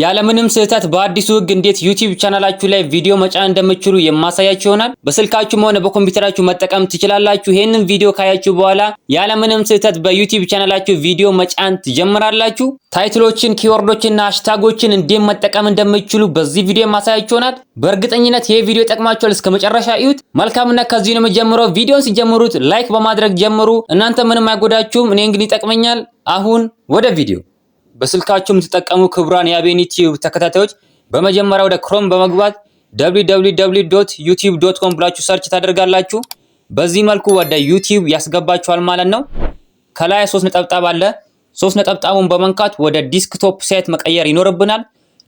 ያለምንም ስህተት በአዲሱ ህግ እንዴት ዩቲዩብ ቻናላችሁ ላይ ቪዲዮ መጫን እንደምትችሉ የማሳያችሁ ይሆናል። በስልካችሁም ሆነ በኮምፒውተራችሁ መጠቀም ትችላላችሁ። ይህንን ቪዲዮ ካያችሁ በኋላ ያለምንም ስህተት በዩቲዩብ ቻናላችሁ ቪዲዮ መጫን ትጀምራላችሁ። ታይትሎችን፣ ኪወርዶችና ሃሽታጎችን እንዴት መጠቀም እንደምትችሉ በዚህ ቪዲዮ የማሳያችሁ ይሆናል። በእርግጠኝነት ይህ ቪዲዮ ይጠቅማችኋል። እስከ መጨረሻ እዩት። መልካምና ከዚህ ነው የምጀምረው። ቪዲዮን ሲጀምሩት ላይክ በማድረግ ጀምሩ። እናንተ ምንም አይጎዳችሁም። እኔ እንግዲህ ይጠቅመኛል። አሁን ወደ ቪዲዮ በስልካችሁ የምትጠቀሙ ክቡራን የአቤን ዩቲዩብ ተከታታዮች በመጀመሪያ ወደ ክሮም በመግባት www.youtube.com ብላችሁ ሰርች ታደርጋላችሁ። በዚህ መልኩ ወደ ዩቲዩብ ያስገባችኋል ማለት ነው። ከላይ ሶስት ነጠብጣብ አለ። ሶስት ነጠብጣቡን በመንካት ወደ ዲስክቶፕ ሳይት መቀየር ይኖርብናል።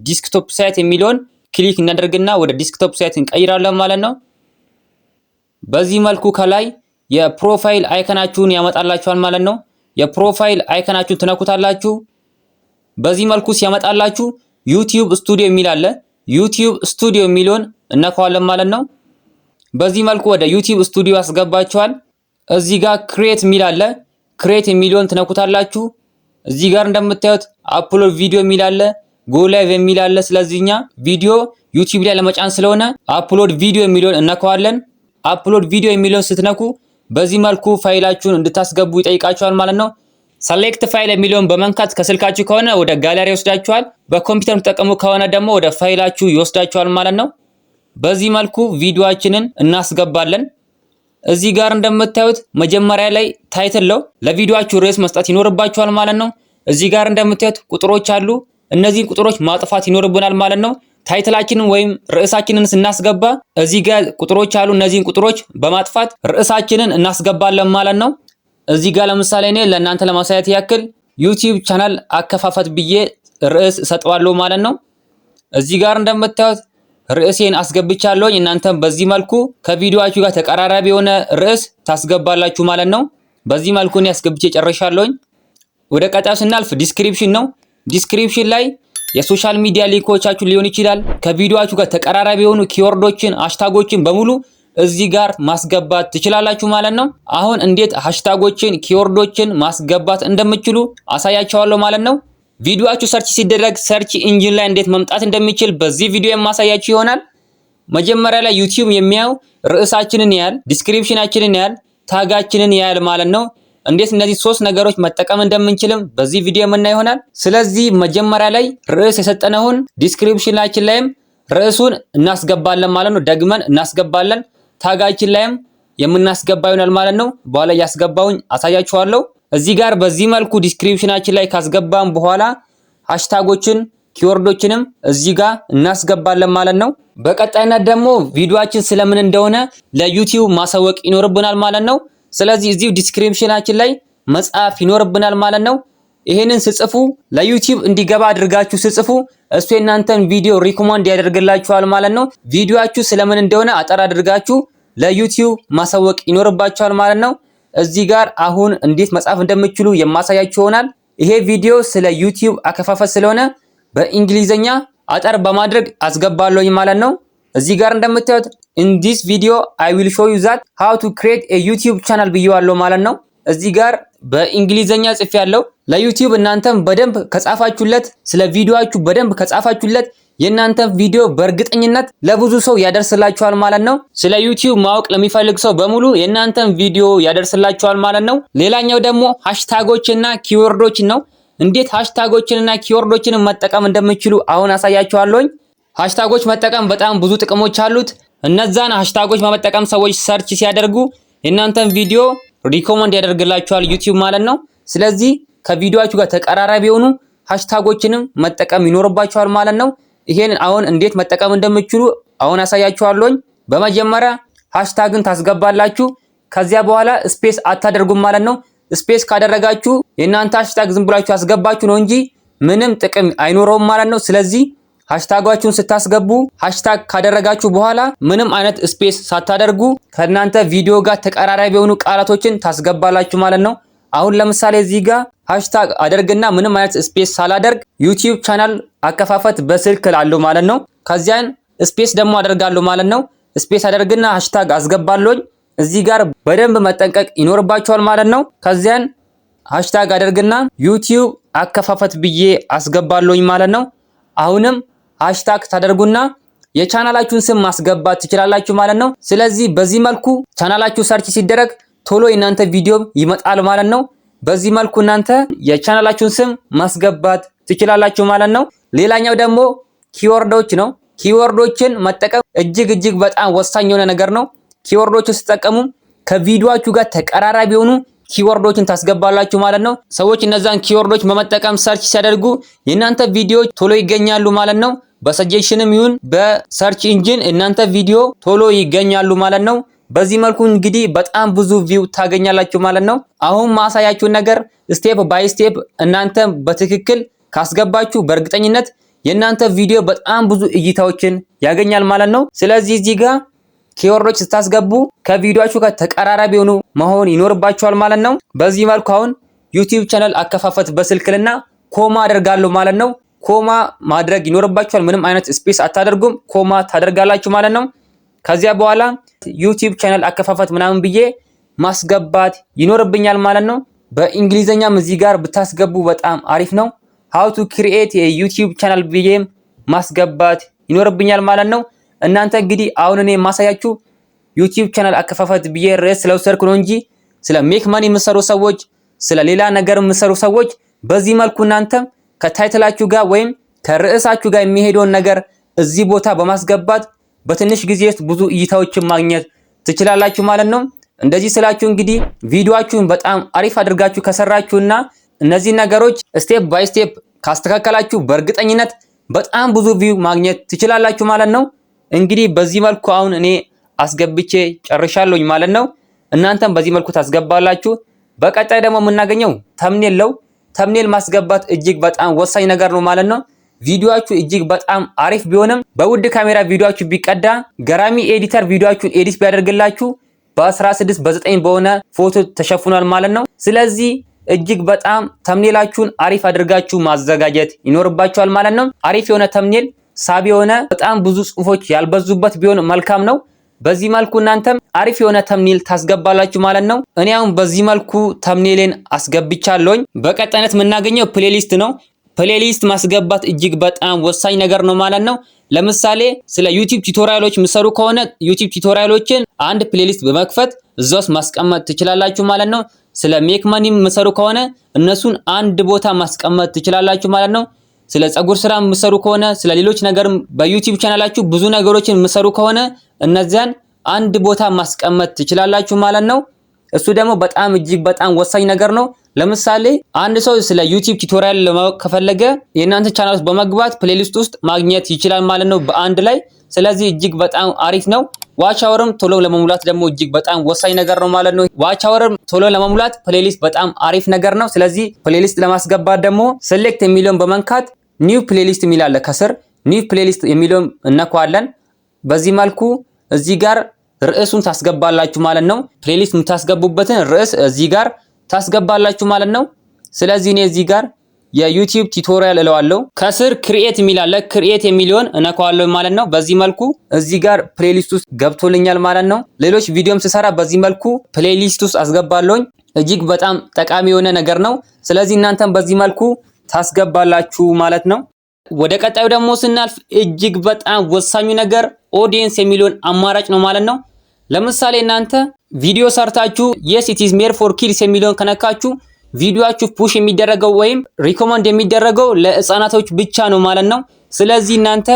ዲስክቶፕ ሳይት የሚለውን ክሊክ እናደርግና ወደ ዲስክቶፕ ሳይት እንቀይራለን ማለት ነው። በዚህ መልኩ ከላይ የፕሮፋይል አይከናችሁን ያመጣላችኋል ማለት ነው። የፕሮፋይል አይከናችሁን ትነኩታላችሁ። በዚህ መልኩ ሲያመጣላችሁ ዩቲዩብ ስቱዲዮ የሚል አለ። ዩቲዩብ ስቱዲዮ የሚለውን እነካዋለን ማለት ነው። በዚህ መልኩ ወደ ዩቲዩብ ስቱዲዮ ያስገባችኋል። እዚህ ጋር ክሬት የሚል አለ። ክሬት የሚለውን ትነኩታላችሁ። እዚህ ጋር እንደምታዩት አፕሎድ ቪዲዮ የሚል አለ፣ ጎ ላይቭ የሚል አለ። ስለዚህኛ ቪዲዮ ዩቲዩብ ላይ ለመጫን ስለሆነ አፕሎድ ቪዲዮ የሚለውን እነካዋለን። አፕሎድ ቪዲዮ የሚለውን ስትነኩ በዚህ መልኩ ፋይላችሁን እንድታስገቡ ይጠይቃችኋል ማለት ነው። ሰሌክት ፋይል የሚለውን በመንካት ከስልካችሁ ከሆነ ወደ ጋለሪ ይወስዳችኋል። በኮምፒውተር ተጠቀሙ ከሆነ ደግሞ ወደ ፋይላችሁ ይወስዳችኋል ማለት ነው። በዚህ መልኩ ቪዲዮአችንን እናስገባለን። እዚህ ጋር እንደምታዩት መጀመሪያ ላይ ታይትል ነው። ለቪዲዮአችሁ ርዕስ መስጠት ይኖርባችኋል ማለት ነው። እዚህ ጋር እንደምታዩት ቁጥሮች አሉ። እነዚህን ቁጥሮች ማጥፋት ይኖርብናል ማለት ነው። ታይትላችንን ወይም ርዕሳችንን ስናስገባ እዚህ ጋር ቁጥሮች አሉ። እነዚህን ቁጥሮች በማጥፋት ርዕሳችንን እናስገባለን ማለት ነው። እዚህ ጋር ለምሳሌ እኔ ለእናንተ ለማሳየት ያክል ዩቲዩብ ቻናል አከፋፈት ብዬ ርዕስ እሰጠዋለሁ ማለት ነው። እዚህ ጋር እንደምታዩት ርዕሴን አስገብቻለሁኝ። እናንተም በዚህ መልኩ ከቪዲዮአችሁ ጋር ተቀራራቢ የሆነ ርዕስ ታስገባላችሁ ማለት ነው። በዚህ መልኩ እኔ አስገብቼ ጨርሻለሁኝ። ወደ ቀጣዩ ስናልፍ ዲስክሪፕሽን ነው። ዲስክሪፕሽን ላይ የሶሻል ሚዲያ ሊንኮቻችሁ ሊሆን ይችላል። ከቪዲዮአችሁ ጋር ተቀራራቢ የሆኑ ኪወርዶችን፣ አሽታጎችን በሙሉ እዚህ ጋር ማስገባት ትችላላችሁ ማለት ነው። አሁን እንዴት ሃሽታጎችን ኪወርዶችን ማስገባት እንደምችሉ አሳያችኋለሁ ማለት ነው። ቪዲዮአችሁ ሰርች ሲደረግ ሰርች ኢንጂን ላይ እንዴት መምጣት እንደሚችል በዚህ ቪዲዮ የማሳያችሁ ይሆናል። መጀመሪያ ላይ ዩቲዩብ የሚያው ርዕሳችንን ያህል ዲስክሪፕሽናችንን ያህል ታጋችንን ያህል ማለት ነው። እንዴት እነዚህ ሶስት ነገሮች መጠቀም እንደምንችልም በዚህ ቪዲዮ የምናይ ይሆናል። ስለዚህ መጀመሪያ ላይ ርዕስ የሰጠነውን ዲስክሪፕሽናችን ላይም ርዕሱን እናስገባለን ማለት ነው። ደግመን እናስገባለን። ታጋችን ላይም የምናስገባ ይሆናል ማለት ነው። በኋላ እያስገባውኝ አሳያችኋለሁ። እዚህ ጋር በዚህ መልኩ ዲስክሪፕሽናችን ላይ ካስገባን በኋላ ሃሽታጎችን ኪወርዶችንም እዚህ ጋር እናስገባለን ማለት ነው። በቀጣይነት ደግሞ ቪዲዮችን ስለምን እንደሆነ ለዩቲዩብ ማሳወቅ ይኖርብናል ማለት ነው። ስለዚህ እዚሁ ዲስክሪፕሽናችን ላይ መጻፍ ይኖርብናል ማለት ነው። ይሄንን ስጽፉ ለዩቲዩብ እንዲገባ አድርጋችሁ ስጽፉ እሱ የእናንተን ቪዲዮ ሪኮማንድ ያደርግላችኋል ማለት ነው። ቪዲዮአችሁ ስለምን እንደሆነ አጠር አድርጋችሁ ለዩቲዩብ ማሳወቅ ይኖርባችኋል ማለት ነው። እዚህ ጋር አሁን እንዴት መጻፍ እንደምችሉ የማሳያችሁ ይሆናል። ይሄ ቪዲዮ ስለ ዩቲዩብ አከፋፈት ስለሆነ በእንግሊዘኛ አጠር በማድረግ አስገባለሁኝ ማለት ነው። እዚህ ጋር እንደምታዩት in this video i will show you that how to create a youtube channel ብየዋለሁ ማለት ነው። እዚህ ጋር በእንግሊዘኛ ጽፍ ያለው ለዩቲዩብ እናንተም በደንብ ከጻፋችሁለት ስለ ቪዲዮአችሁ በደንብ ከጻፋችሁለት የእናንተ ቪዲዮ በእርግጠኝነት ለብዙ ሰው ያደርስላችኋል ማለት ነው። ስለ ዩቲዩብ ማወቅ ለሚፈልግ ሰው በሙሉ የእናንተን ቪዲዮ ያደርስላችኋል ማለት ነው። ሌላኛው ደግሞ ሃሽታጎችና ኪወርዶችን ነው። እንዴት ሃሽታጎችንና ኪወርዶችን መጠቀም እንደምችሉ አሁን አሳያችኋለሁኝ። ሃሽታጎች መጠቀም በጣም ብዙ ጥቅሞች አሉት። እነዛን ሃሽታጎች በመጠቀም ሰዎች ሰርች ሲያደርጉ የእናንተን ቪዲዮ ሪኮመንድ ያደርግላችኋል ዩቲዩብ ማለት ነው። ስለዚህ ከቪዲዮአችሁ ጋር ተቀራራቢ የሆኑ ሃሽታጎችንም መጠቀም ይኖርባችኋል ማለት ነው። ይሄን አሁን እንዴት መጠቀም እንደምችሉ አሁን አሳያችኋለሁኝ። በመጀመሪያ ሃሽታግን ታስገባላችሁ። ከዚያ በኋላ ስፔስ አታደርጉም ማለት ነው። ስፔስ ካደረጋችሁ የእናንተ ሃሽታግ ዝም ብላችሁ አስገባችሁ ነው እንጂ ምንም ጥቅም አይኖረውም ማለት ነው። ስለዚህ ሃሽታጋችሁን ስታስገቡ ሃሽታግ ካደረጋችሁ በኋላ ምንም አይነት ስፔስ ሳታደርጉ ከእናንተ ቪዲዮ ጋር ተቀራራቢ የሆኑ ቃላቶችን ታስገባላችሁ ማለት ነው። አሁን ለምሳሌ እዚህ ጋር ሃሽታግ አደርግና ምንም አይነት ስፔስ ሳላደርግ ዩቲዩብ ቻናል አከፋፈት በስልክ ላሉ ማለት ነው። ከዚያን ስፔስ ደግሞ አደርጋለሁ ማለት ነው። ስፔስ አደርግና ሃሽታግ አስገባለኝ እዚህ ጋር በደንብ መጠንቀቅ ይኖርባቸዋል ማለት ነው። ከዚያን ሃሽታግ አደርግና ዩቲዩብ አከፋፈት ብዬ አስገባለኝ ማለት ነው። አሁንም ሃሽታግ ታደርጉና የቻናላችሁን ስም ማስገባት ትችላላችሁ ማለት ነው። ስለዚህ በዚህ መልኩ ቻናላችሁ ሰርች ሲደረግ ቶሎ የእናንተ ቪዲዮ ይመጣል ማለት ነው። በዚህ መልኩ እናንተ የቻናላችሁን ስም ማስገባት ትችላላችሁ ማለት ነው። ሌላኛው ደግሞ ኪወርዶች ነው። ኪወርዶችን መጠቀም እጅግ እጅግ በጣም ወሳኝ የሆነ ነገር ነው። ኪወርዶችን ስትጠቀሙ ከቪዲዮአችሁ ጋር ተቀራራቢ የሆኑ ኪወርዶችን ታስገባላችሁ ማለት ነው። ሰዎች እነዛን ኪወርዶች በመጠቀም ሰርች ሲያደርጉ የእናንተ ቪዲዮዎች ቶሎ ይገኛሉ ማለት ነው። በሰጀሽንም ይሁን በሰርች ኢንጂን እናንተ ቪዲዮ ቶሎ ይገኛሉ ማለት ነው። በዚህ መልኩ እንግዲህ በጣም ብዙ ቪው ታገኛላችሁ ማለት ነው። አሁን ማሳያችሁን ነገር ስቴፕ ባይ ስቴፕ እናንተ በትክክል ካስገባችሁ በእርግጠኝነት የእናንተ ቪዲዮ በጣም ብዙ እይታዎችን ያገኛል ማለት ነው። ስለዚህ እዚህ ጋር ኪወርዶች ስታስገቡ ከቪዲዮአችሁ ጋር ተቀራራቢ የሆኑ መሆን ይኖርባችኋል ማለት ነው። በዚህ መልኩ አሁን ዩቲዩብ ቻናል አከፋፈት በስልክልና ኮማ አደርጋለሁ ማለት ነው። ኮማ ማድረግ ይኖርባችኋል። ምንም አይነት ስፔስ አታደርጉም፣ ኮማ ታደርጋላችሁ ማለት ነው። ከዚያ በኋላ ዩቲዩብ ቻናል አከፋፈት ምናምን ብዬ ማስገባት ይኖርብኛል ማለት ነው። በእንግሊዘኛም እዚህ ጋር ብታስገቡ በጣም አሪፍ ነው። ሃው ቱ ክሪኤት የዩቲዩብ ቻናል ብዬ ማስገባት ይኖርብኛል ማለት ነው። እናንተ እንግዲህ አሁን እኔ የማሳያችሁ ዩቲዩብ ቻናል አከፋፈት ብዬ ርዕስ ስለወሰድኩ ነው እንጂ ስለ ሜክ ማኒ የምሰሩ ሰዎች፣ ስለ ሌላ ነገር የምሰሩ ሰዎች በዚህ መልኩ እናንተ ከታይትላችሁ ጋር ወይም ከርዕሳችሁ ጋር የሚሄደውን ነገር እዚህ ቦታ በማስገባት በትንሽ ጊዜ ውስጥ ብዙ እይታዎችን ማግኘት ትችላላችሁ ማለት ነው። እንደዚህ ስላችሁ እንግዲህ ቪዲዮአችሁን በጣም አሪፍ አድርጋችሁ ከሰራችሁና እነዚህ ነገሮች ስቴፕ ባይ ስቴፕ ካስተካከላችሁ በእርግጠኝነት በጣም ብዙ ቪው ማግኘት ትችላላችሁ ማለት ነው። እንግዲህ በዚህ መልኩ አሁን እኔ አስገብቼ ጨርሻለሁኝ ማለት ነው። እናንተም በዚህ መልኩ ታስገባላችሁ። በቀጣይ ደግሞ የምናገኘው ተምኔለው። ተምኔል ማስገባት እጅግ በጣም ወሳኝ ነገር ነው ማለት ነው። ቪዲዮአችሁ እጅግ በጣም አሪፍ ቢሆንም በውድ ካሜራ ቪዲዮአችሁ ቢቀዳ ገራሚ ኤዲተር ቪዲዮአችሁን ኤዲት ቢያደርግላችሁ በ16 በ9 በሆነ ፎቶ ተሸፍኗል ማለት ነው። ስለዚህ እጅግ በጣም ተምኔላችሁን አሪፍ አድርጋችሁ ማዘጋጀት ይኖርባችኋል ማለት ነው። አሪፍ የሆነ ተምኔል ሳቢ የሆነ በጣም ብዙ ጽሁፎች ያልበዙበት ቢሆን መልካም ነው። በዚህ መልኩ እናንተም አሪፍ የሆነ ተምኔል ታስገባላችሁ ማለት ነው። እኔ አሁን በዚህ መልኩ ተምኔሌን አስገብቻለሁኝ። በቀጣይነት የምናገኘው ፕሌሊስት ነው። ፕሌሊስት ማስገባት እጅግ በጣም ወሳኝ ነገር ነው ማለት ነው። ለምሳሌ ስለ ዩቲዩብ ቱቶሪያሎች የምሰሩ ከሆነ ዩቲዩብ ቱቶሪያሎችን አንድ ፕሌሊስት በመክፈት እዛ ውስጥ ማስቀመጥ ትችላላችሁ ማለት ነው። ስለ ሜክ መኒ የምሰሩ ከሆነ እነሱን አንድ ቦታ ማስቀመጥ ትችላላችሁ ማለት ነው። ስለ ጸጉር ስራ የምሰሩ ከሆነ ስለ ሌሎች ነገር በዩቲዩብ ቻናላችሁ ብዙ ነገሮችን የምሰሩ ከሆነ እነዚያን አንድ ቦታ ማስቀመጥ ትችላላችሁ ማለት ነው። እሱ ደግሞ በጣም እጅግ በጣም ወሳኝ ነገር ነው። ለምሳሌ አንድ ሰው ስለ ዩቲዩብ ቱቶሪያል ለማወቅ ከፈለገ የእናንተ ቻናል ውስጥ በመግባት ፕሌሊስት ውስጥ ማግኘት ይችላል ማለት ነው በአንድ ላይ። ስለዚህ እጅግ በጣም አሪፍ ነው። ዋቻወርም ቶሎ ለመሙላት ደግሞ እጅግ በጣም ወሳኝ ነገር ነው ማለት ነው። ዋቻወርም ቶሎ ለመሙላት ፕሌሊስት በጣም አሪፍ ነገር ነው። ስለዚህ ፕሌሊስት ለማስገባት ደግሞ ሴሌክት የሚለውን በመንካት ኒው ፕሌሊስት የሚል አለ ከስር ኒው ፕሌሊስት የሚለውን እነኳለን። በዚህ መልኩ እዚህ ጋር ርዕሱን ታስገባላችሁ ማለት ነው። ፕሌሊስት የምታስገቡበትን ርዕስ እዚህ ጋር ታስገባላችሁ ማለት ነው። ስለዚህ እኔ እዚህ ጋር የዩቲዩብ ቲቶሪያል እለዋለሁ። ከስር ክሪኤት የሚል አለ። ክሪኤት የሚለውን እነካዋለሁ ማለት ነው። በዚህ መልኩ እዚህ ጋር ፕሌሊስት ውስጥ ገብቶልኛል ማለት ነው። ሌሎች ቪዲዮም ስሰራ በዚህ መልኩ ፕሌሊስት ውስጥ አስገባለሁኝ። እጅግ በጣም ጠቃሚ የሆነ ነገር ነው። ስለዚህ እናንተም በዚህ መልኩ ታስገባላችሁ ማለት ነው። ወደ ቀጣዩ ደግሞ ስናልፍ እጅግ በጣም ወሳኙ ነገር ኦዲየንስ የሚለውን አማራጭ ነው ማለት ነው። ለምሳሌ እናንተ ቪዲዮ ሰርታችሁ የስ ኢት ኢዝ ሜድ ፎር ኪድስ የሚለውን ከነካችሁ ቪዲዮአችሁ ፑሽ የሚደረገው ወይም ሪኮመንድ የሚደረገው ለህፃናቶች ብቻ ነው ማለት ነው። ስለዚህ እናንተ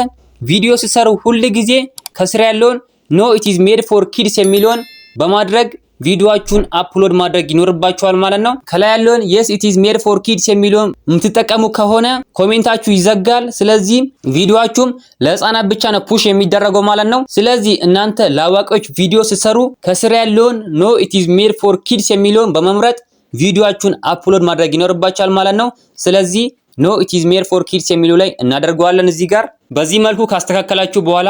ቪዲዮ ሲሰሩ ሁል ጊዜ ከስር ያለውን ኖ ኢት ኢዝ ሜድ ፎር ኪድስ የሚለውን በማድረግ ቪዲዮአችሁን አፕሎድ ማድረግ ይኖርባችኋል ማለት ነው። ከላይ ያለውን የስ ኢት ኢዝ ሜድ ፎር ኪድስ የሚለውን የምትጠቀሙ ከሆነ ኮሜንታችሁ ይዘጋል። ስለዚህ ቪዲዮአችሁም ለህፃናት ብቻ ነው ፑሽ የሚደረገው ማለት ነው። ስለዚህ እናንተ ለአዋቂዎች ቪዲዮ ስትሰሩ ከስር ያለውን ኖ ኢት ኢዝ ሜድ ፎር ኪድስ የሚለውን በመምረጥ ቪዲዮአችሁን አፕሎድ ማድረግ ይኖርባችኋል ማለት ነው። ስለዚህ ኖ ኢት ኢዝ ሜድ ፎር ኪድስ የሚለው ላይ እናደርገዋለን እዚህ ጋር። በዚህ መልኩ ካስተካከላችሁ በኋላ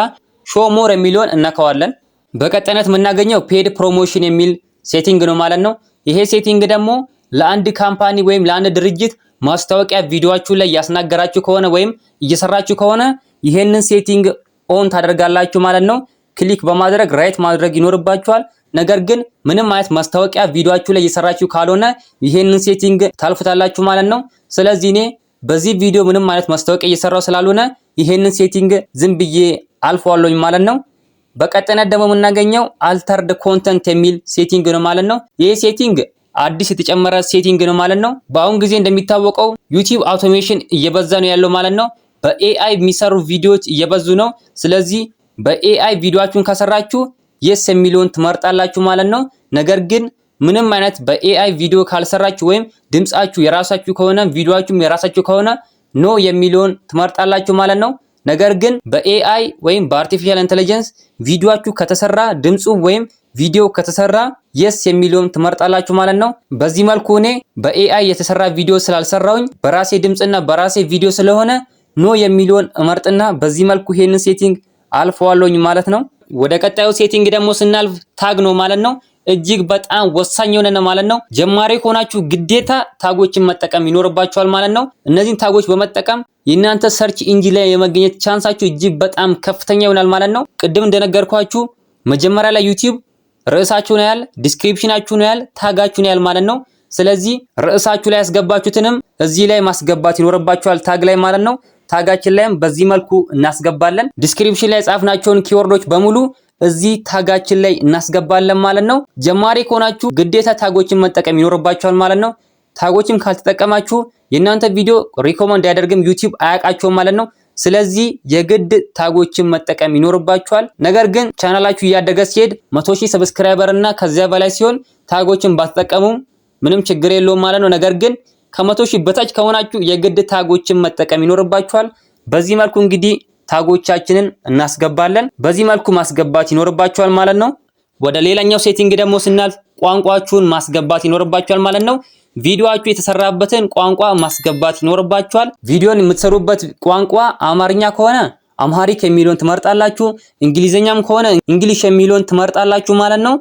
ሾ ሞር የሚለውን እናከዋለን። በቀጣይነት የምናገኘው ፔድ ፕሮሞሽን የሚል ሴቲንግ ነው ማለት ነው። ይሄ ሴቲንግ ደግሞ ለአንድ ካምፓኒ ወይም ለአንድ ድርጅት ማስታወቂያ ቪዲዮአችሁ ላይ ያስናገራችሁ ከሆነ ወይም እየሰራችሁ ከሆነ ይሄንን ሴቲንግ ኦን ታደርጋላችሁ ማለት ነው። ክሊክ በማድረግ ራይት ማድረግ ይኖርባችኋል። ነገር ግን ምንም አይነት ማስታወቂያ ቪዲዮአችሁ ላይ እየሰራችሁ ካልሆነ ይሄንን ሴቲንግ ታልፉታላችሁ ማለት ነው። ስለዚህ እኔ በዚህ ቪዲዮ ምንም አይነት ማስታወቂያ እየሰራው ስላልሆነ ይሄንን ሴቲንግ ዝም ብዬ አልፈዋለሁኝ ማለት ነው። በቀጠና ደግሞ የምናገኘው አልተርድ ኮንተንት የሚል ሴቲንግ ነው ማለት ነው። ይሄ ሴቲንግ አዲስ የተጨመረ ሴቲንግ ነው ማለት ነው። በአሁን ጊዜ እንደሚታወቀው ዩቲዩብ አውቶሜሽን እየበዛ ነው ያለው ማለት ነው። በኤአይ የሚሰሩ ቪዲዮዎች እየበዙ ነው። ስለዚህ በኤአይ ቪዲዮአችሁን ከሰራችሁ የስ የሚለውን ትመርጣላችሁ ማለት ነው። ነገር ግን ምንም አይነት በኤአይ ቪዲዮ ካልሰራችሁ ወይም ድምጻችሁ የራሳችሁ ከሆነ ቪዲዮችሁም የራሳችሁ ከሆነ ኖ የሚለውን ትመርጣላችሁ ማለት ነው። ነገር ግን በኤአይ ወይም በአርቲፊሻል ኢንተለጀንስ ቪዲዮአችሁ ከተሰራ ድምፁ ወይም ቪዲዮ ከተሰራ የስ የሚለውን ትመርጣላችሁ ማለት ነው። በዚህ መልኩ እኔ በኤአይ የተሰራ ቪዲዮ ስላልሰራውኝ በራሴ ድምፅና በራሴ ቪዲዮ ስለሆነ ኖ የሚለውን እመርጥና በዚህ መልኩ ይሄንን ሴቲንግ አልፈዋለሁኝ ማለት ነው። ወደ ቀጣዩ ሴቲንግ ደግሞ ስናልፍ ታግ ነው ማለት ነው። እጅግ በጣም ወሳኝ የሆነ ነው ማለት ነው። ጀማሪ ከሆናችሁ ግዴታ ታጎችን መጠቀም ይኖርባችኋል ማለት ነው። እነዚህን ታጎች በመጠቀም የእናንተ ሰርች ኢንጂ ላይ የመገኘት ቻንሳችሁ እጅግ በጣም ከፍተኛ ይሆናል ማለት ነው። ቅድም እንደነገርኳችሁ መጀመሪያ ላይ ዩቲዩብ ዲስክሪፕሽናችሁ ነው ያል፣ ታጋችሁ ነው ያል ማለት ነው። ስለዚህ ርዕሳችሁ ላይ ያስገባችሁትንም እዚህ ላይ ማስገባት ይኖርባችኋል ታግ ላይ ማለት ነው። ታጋችን ላይም በዚህ መልኩ እናስገባለን። ዲስክሪፕሽን ላይ ጻፍናቸውን ኪወርዶች በሙሉ እዚህ ታጋችን ላይ እናስገባለን ማለት ነው። ጀማሪ ከሆናችሁ ግዴታ ታጎችን መጠቀም ይኖርባችኋል ማለት ነው። ታጎችም ካልተጠቀማችሁ የእናንተ ቪዲዮ ሪኮመንድ አያደርግም፣ ዩቲዩብ አያውቃቸውም ማለት ነው። ስለዚህ የግድ ታጎችን መጠቀም ይኖርባችኋል። ነገር ግን ቻናላችሁ እያደገ ሲሄድ መቶ ሺህ ሰብስክራይበር እና ከዚያ በላይ ሲሆን ታጎችን ባትጠቀሙም ምንም ችግር የለውም ማለት ነው። ነገር ግን ከመቶ ሺህ በታች ከሆናችሁ የግድ ታጎችን መጠቀም ይኖርባችኋል። በዚህ መልኩ እንግዲህ ታጎቻችንን እናስገባለን። በዚህ መልኩ ማስገባት ይኖርባችኋል ማለት ነው። ወደ ሌላኛው ሴቲንግ ደግሞ ስናልፍ ቋንቋችሁን ማስገባት ይኖርባችኋል ማለት ነው። ቪዲዮአችሁ የተሰራበትን ቋንቋ ማስገባት ይኖርባችኋል። ቪዲዮን የምትሰሩበት ቋንቋ አማርኛ ከሆነ አምሃሪክ የሚለውን ትመርጣላችሁ፣ እንግሊዘኛም ከሆነ እንግሊሽ የሚለውን ትመርጣላችሁ ማለት ነው።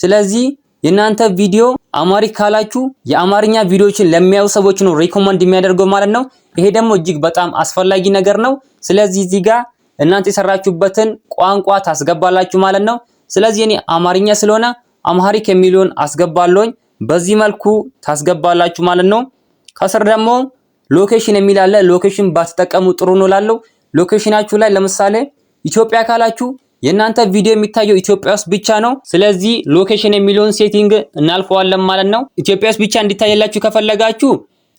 ስለዚህ የእናንተ ቪዲዮ አማሪክ ካላችሁ የአማርኛ ቪዲዮዎችን ለሚያዩ ሰዎች ነው ሪኮመንድ የሚያደርገው ማለት ነው። ይሄ ደግሞ እጅግ በጣም አስፈላጊ ነገር ነው። ስለዚህ እዚህ ጋር እናንተ የሰራችሁበትን ቋንቋ ታስገባላችሁ ማለት ነው። ስለዚህ እኔ አማርኛ ስለሆነ አማሪክ የሚለውን አስገባለሁኝ። በዚህ መልኩ ታስገባላችሁ ማለት ነው። ከስር ደግሞ ሎኬሽን የሚል አለ። ሎኬሽን ባትጠቀሙ ጥሩ ነው እላለሁ። ሎኬሽናችሁ ላይ ለምሳሌ ኢትዮጵያ ካላችሁ የእናንተ ቪዲዮ የሚታየው ኢትዮጵያ ውስጥ ብቻ ነው። ስለዚህ ሎኬሽን የሚለውን ሴቲንግ እናልፈዋለን ማለት ነው። ኢትዮጵያ ውስጥ ብቻ እንዲታየላችሁ ከፈለጋችሁ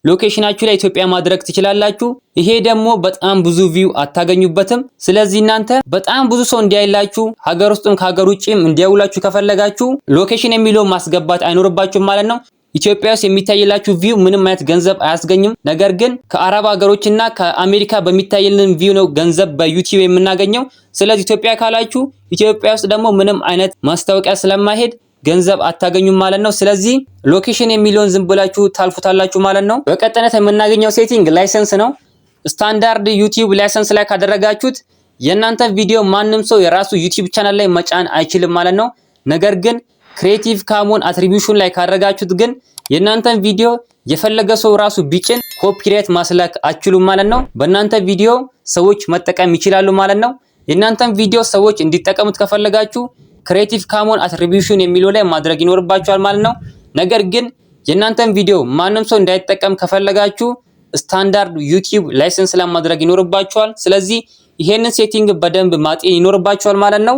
ሎኬሽናችሁ ላይ ኢትዮጵያ ማድረግ ትችላላችሁ። ይሄ ደግሞ በጣም ብዙ ቪው አታገኙበትም። ስለዚህ እናንተ በጣም ብዙ ሰው እንዲያይላችሁ ሀገር ውስጥም ከሀገር ውጭም እንዲያውላችሁ ከፈለጋችሁ ሎኬሽን የሚለው ማስገባት አይኖርባችሁም ማለት ነው። ኢትዮጵያ ውስጥ የሚታይላችሁ ቪው ምንም አይነት ገንዘብ አያስገኝም። ነገር ግን ከአረብ ሀገሮችና ከአሜሪካ በሚታይልን ቪው ነው ገንዘብ በዩቲዩብ የምናገኘው። ስለዚህ ኢትዮጵያ ካላችሁ ኢትዮጵያ ውስጥ ደግሞ ምንም አይነት ማስታወቂያ ስለማይሄድ ገንዘብ አታገኙም ማለት ነው። ስለዚህ ሎኬሽን የሚለውን ዝም ብላችሁ ታልፉታላችሁ ማለት ነው። በቀጥነት የምናገኘው ሴቲንግ ላይሰንስ ነው። ስታንዳርድ ዩቲዩብ ላይሰንስ ላይ ካደረጋችሁት የእናንተ ቪዲዮ ማንም ሰው የራሱ ዩቲዩብ ቻናል ላይ መጫን አይችልም ማለት ነው። ነገር ግን ክሬቲቭ ካሞን አትሪቢዩሽን ላይ ካረጋችሁት ግን የእናንተን ቪዲዮ የፈለገ ሰው ራሱ ቢጭን ኮፒራይት ማስላክ አችሉም ማለት ነው። በእናንተ ቪዲዮ ሰዎች መጠቀም ይችላሉ ማለት ነው። የእናንተን ቪዲዮ ሰዎች እንዲጠቀሙት ከፈለጋችሁ ክሬቲቭ ካሞን አትሪቢዩሽን የሚለው ላይ ማድረግ ይኖርባችኋል ማለት ነው። ነገር ግን የእናንተን ቪዲዮ ማንም ሰው እንዳይጠቀም ከፈለጋችሁ ስታንዳርድ ዩቲዩብ ላይሰንስ ላይ ማድረግ ይኖርባችኋል። ስለዚህ ይሄንን ሴቲንግ በደንብ ማጤን ይኖርባችኋል ማለት ነው።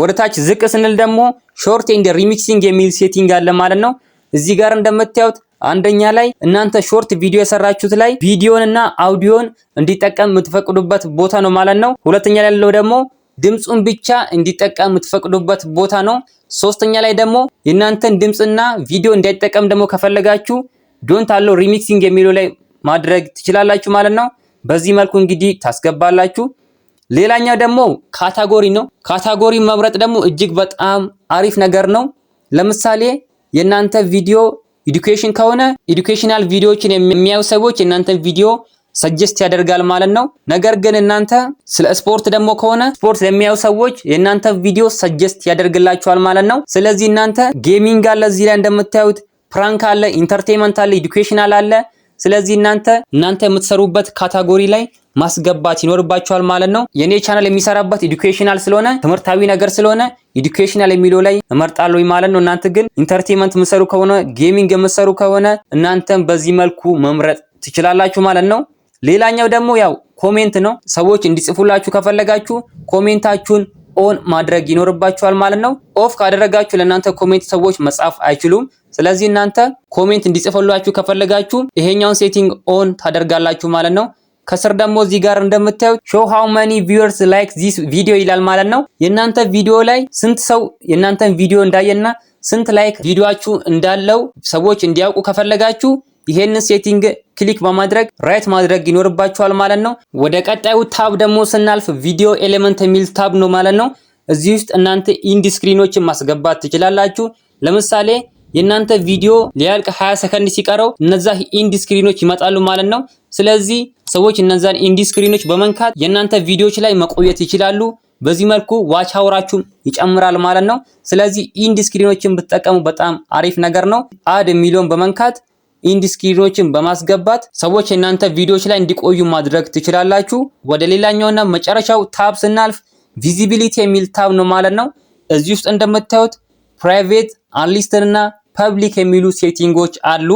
ወደታች ዝቅ ስንል ደግሞ ሾርት ኤንድ ሪሚክሲንግ የሚል ሴቲንግ አለ ማለት ነው። እዚህ ጋር እንደምታዩት አንደኛ ላይ እናንተ ሾርት ቪዲዮ የሰራችሁት ላይ ቪዲዮን እና አውዲዮን እንዲጠቀም የምትፈቅዱበት ቦታ ነው ማለት ነው። ሁለተኛ ላይ ያለው ደግሞ ድምፁን ብቻ እንዲጠቀም የምትፈቅዱበት ቦታ ነው። ሶስተኛ ላይ ደግሞ የእናንተን ድምፅና ቪዲዮ እንዳይጠቀም ደግሞ ከፈለጋችሁ ዶንት አለው ሪሚክሲንግ የሚለው ላይ ማድረግ ትችላላችሁ ማለት ነው። በዚህ መልኩ እንግዲህ ታስገባላችሁ። ሌላኛው ደግሞ ካታጎሪ ነው። ካታጎሪ መምረጥ ደግሞ እጅግ በጣም አሪፍ ነገር ነው። ለምሳሌ የእናንተ ቪዲዮ ኢዱኬሽን ከሆነ ኢዱኬሽናል ቪዲዮዎችን የሚያዩ ሰዎች የእናንተን ቪዲዮ ሰጀስት ያደርጋል ማለት ነው። ነገር ግን እናንተ ስለ ስፖርት ደግሞ ከሆነ ስፖርት ለሚያዩ ሰዎች የእናንተ ቪዲዮ ሰጀስት ያደርግላቸዋል ማለት ነው። ስለዚህ እናንተ ጌሚንግ አለ፣ እዚህ ላይ እንደምታዩት ፕራንክ አለ፣ ኢንተርቴንመንት አለ፣ ኢዱኬሽናል አለ ስለዚህ እናንተ እናንተ የምትሰሩበት ካታጎሪ ላይ ማስገባት ይኖርባችኋል ማለት ነው። የኔ ቻናል የሚሰራበት ኤዱኬሽናል ስለሆነ ትምህርታዊ ነገር ስለሆነ ኤዱኬሽናል የሚለው ላይ እመርጣለሁ ማለት ነው። እናንተ ግን ኢንተርቴንመንት የምትሰሩ ከሆነ ጌሚንግ የምትሰሩ ከሆነ እናንተም በዚህ መልኩ መምረጥ ትችላላችሁ ማለት ነው። ሌላኛው ደግሞ ያው ኮሜንት ነው። ሰዎች እንዲጽፉላችሁ ከፈለጋችሁ ኮሜንታችሁን ኦን ማድረግ ይኖርባችኋል ማለት ነው። ኦፍ ካደረጋችሁ ለእናንተ ኮሜንት ሰዎች መጻፍ አይችሉም። ስለዚህ እናንተ ኮሜንት እንዲጽፈላችሁ ከፈለጋችሁ ይሄኛውን ሴቲንግ ኦን ታደርጋላችሁ ማለት ነው። ከስር ደግሞ እዚህ ጋር እንደምታዩት ሾው ሃው ማኒ ቪውየርስ ላይክ ዚስ ቪዲዮ ይላል ማለት ነው። የእናንተ ቪዲዮ ላይ ስንት ሰው የእናንተን ቪዲዮ እንዳየና ስንት ላይክ ቪዲዮአችሁ እንዳለው ሰዎች እንዲያውቁ ከፈለጋችሁ ይሄንን ሴቲንግ ክሊክ በማድረግ ራይት ማድረግ ይኖርባችኋል ማለት ነው። ወደ ቀጣዩ ታብ ደግሞ ስናልፍ ቪዲዮ ኤሌመንት የሚል ታብ ነው ማለት ነው። እዚህ ውስጥ እናንተ ኢንድ ስክሪኖችን ማስገባት ትችላላችሁ። ለምሳሌ የእናንተ ቪዲዮ ሊያልቅ 20 ሰከንድ ሲቀረው እነዛ ኢንድ ስክሪኖች ይመጣሉ ማለት ነው። ስለዚህ ሰዎች እነዛን ኢንድ ስክሪኖች በመንካት የእናንተ ቪዲዮዎች ላይ መቆየት ይችላሉ። በዚህ መልኩ ዋች አውራችሁም ይጨምራል ማለት ነው። ስለዚህ ኢንድ ስክሪኖችን ብትጠቀሙ በጣም አሪፍ ነገር ነው። አድ የሚለውን በመንካት ኢንድ በማስገባት ሰዎች እናንተ ቪዲዮዎች ላይ እንዲቆዩ ማድረግ ትችላላችሁ። ወደ ሌላኛውና መጨረሻው ታብ ስናልፍ ቪዚቢሊቲ የሚል ታብ ነው ማለት ነው። እዚህ ውስጥ እንደምታዩት ፕራይቬት፣ አንሊስትድ እና ፐብሊክ የሚሉ ሴቲንጎች አሉ።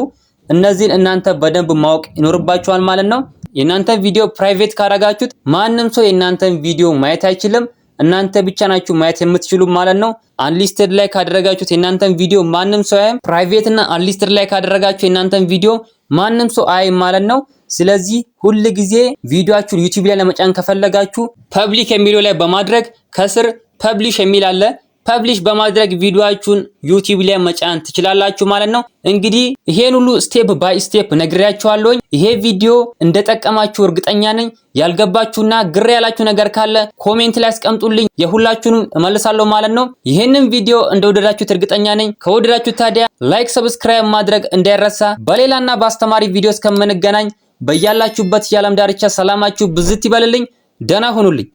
እነዚህን እናንተ በደንብ ማወቅ ይኖርባችኋል ማለት ነው። የእናንተን ቪዲዮ ፕራይቬት ካረጋችሁት ማንም ሰው የእናንተን ቪዲዮ ማየት አይችልም። እናንተ ብቻ ናችሁ ማየት የምትችሉ ማለት ነው። አንሊስትድ ላይ ካደረጋችሁት የእናንተን ቪዲዮ ማንም ሰው አያይም። ፕራይቬት እና አንሊስትድ ላይ ካደረጋችሁ የእናንተን ቪዲዮ ማንም ሰው አያይም ማለት ነው። ስለዚህ ሁል ጊዜ ቪዲዮአችሁን ዩቲዩብ ላይ ለመጫን ከፈለጋችሁ ፐብሊክ የሚለው ላይ በማድረግ ከስር ፐብሊሽ የሚል አለ ፐብሊሽ በማድረግ ቪዲዮአችሁን ዩቲዩብ ላይ መጫን ትችላላችሁ ማለት ነው። እንግዲህ ይሄን ሁሉ ስቴፕ ባይ ስቴፕ ነግሬያችኋለሁኝ። ይሄ ቪዲዮ እንደጠቀማችሁ እርግጠኛ ነኝ። ያልገባችሁና ግር ያላችሁ ነገር ካለ ኮሜንት ላይ አስቀምጡልኝ፣ የሁላችሁንም እመልሳለሁ ማለት ነው። ይሄንን ቪዲዮ እንደወደዳችሁት እርግጠኛ ነኝ። ከወደዳችሁት ታዲያ ላይክ፣ ሰብስክራይብ ማድረግ እንዳይረሳ። በሌላና በአስተማሪ ቪዲዮ እስከምንገናኝ በያላችሁበት የዓለም ዳርቻ ሰላማችሁ ብዝት ይበልልኝ። ደህና ሁኑልኝ።